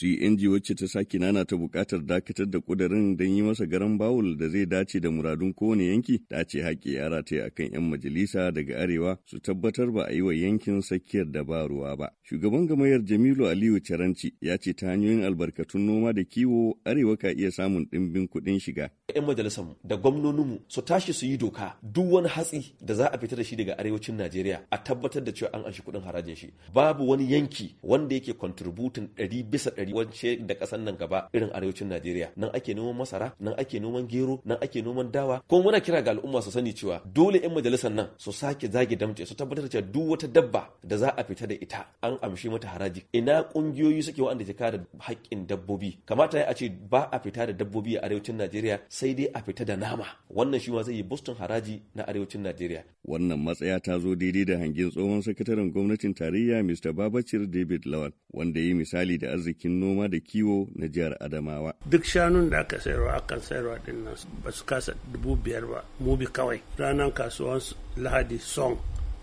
CNG wacce ta sake nana ta bukatar dakatar da kudirin don yi masa garan bawul da zai dace da muradun kowane yanki ta ce ya rata a kan 'yan majalisa daga arewa su tabbatar ba a yi wa yankin tsakiyar da ba ruwa ba. Shugaban gamayar Jamilu Aliyu Caranci ya ce ta hanyoyin albarkatun noma da kiwo arewa ka iya samun ɗimbin kuɗin shiga. 'Yan majalisar da gwamnoninmu su tashi su yi doka duk wani hatsi da za a fita da shi daga arewacin Najeriya a tabbatar da cewa an anshi kuɗin harajin shi. Babu wani yanki wanda yake kontributin ɗari bisa ɗari kokari wance da kasan nan gaba irin arewacin Najeriya nan ake noman masara nan ake noman gero nan ake noman dawa ko muna kira ga al'umma su sani cewa dole yan majalisar nan su sake zage damce su tabbatar da cewa duk wata dabba da za a fita da ita an amshi mata haraji ina kungiyoyi suke wanda ke kare haƙƙin dabbobi kamata ya a ce ba a fita da dabbobi a arewacin Najeriya sai dai a fita da nama wannan shi ma zai yi boston haraji na arewacin Najeriya wannan matsaya ta zo daidai da hangen tsohon sakataren gwamnatin tarayya Mr. Babacir David Lawal wanda ya yi misali da arzikin noma da kiwo na jihar Adamawa. Duk shanun da aka sayarwa akan sayarwa din nan ba su kasa dubu biyar ba mubi kawai ranar kasuwan lahadi song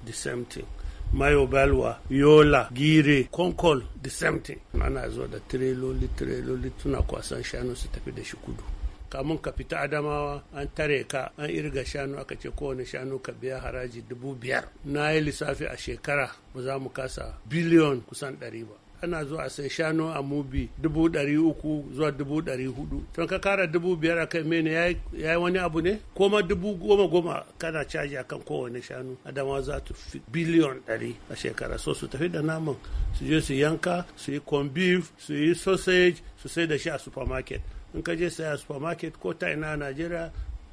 the same thing. Mayo Balwa, Yola, Gire, Konkol, the same thing. Ana zuwa da tireloli tireloli tuna kwasan shanu su tafi da shi kudu. kamun ka fita adamawa an tare ka an irga shanu aka ce kowane shanu ka biya haraji dubu biyar na yi lissafi a shekara ba za mu kasa biliyon kusan ɗari ba kana zuwa a sai shanu a mubi dubu ɗari uku zuwa dubu ɗari hudu to ka kara dubu biyar a kai mene ya yi wani abu ne koma dubu goma goma kana caji akan kowane shanu adama za ta fi biliyon ɗari a shekara so su tafi da naman su je su yanka su yi beef su yi sausage su sai da shi a supermarket in ka je sai a supermarket ko ta ina a najeriya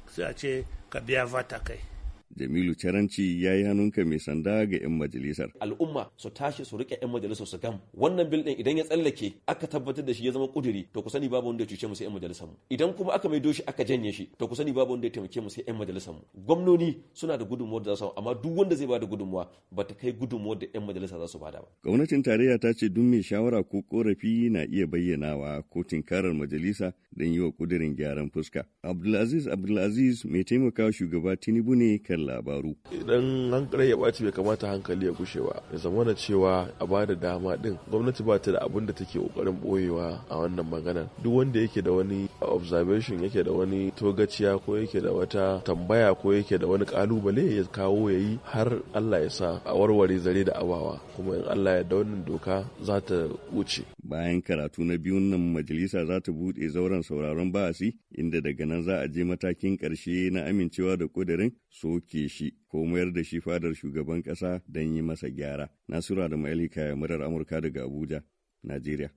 sai a ce ka biya vata kai Jamilu Caranci ya yi hannunka mai sanda ga 'yan majalisar. Al'umma su tashi su riƙe 'yan majalisar su gam. Wannan bil ɗin idan ya tsallake aka tabbatar da shi ya zama kuduri to ku sani babu wanda ya cuce mu sai 'yan majalisar mu. Idan kuma aka maido shi aka janye shi to ku sani babu wanda ya taimake mu sai 'yan majalisar mu. Gwamnoni suna da gudunmawar da za su amma duk wanda zai bada gudunmuwa ba ta kai gudunmawar da 'yan majalisa za su bada ba. Gwamnatin tarayya ta ce duk mai shawara ko korafi na iya bayyanawa ko tinkarar majalisa don yi wa kudirin gyaran fuska. Abdulaziz Abdulaziz mai taimaka shugaba Tinubu ne kan labaru. Idan hankali ya ɓaci bai kamata hankali ya gushewa ya zama na cewa a ba da dama din gwamnati ba ta da abin da take ƙoƙarin ɓoyewa a wannan maganar. Duk wanda yake da wani observation yake da wani togaciya ko yake da wata tambaya ko yake da wani ƙalubale ya kawo ya yi har Allah ya sa a warware zare da abawa kuma in Allah ya da wannan doka za ta wuce. bayan karatu na biyun nan majalisa za ta buɗe zauren sauraron ba'asi inda daga nan za a je matakin ƙarshe na amincewa da ƙudurin soke shi ko mayar da shi fadar shugaban ƙasa don yi masa gyara. Nasura da Ma'ilika ya murar Amurka daga Abuja, Najeriya.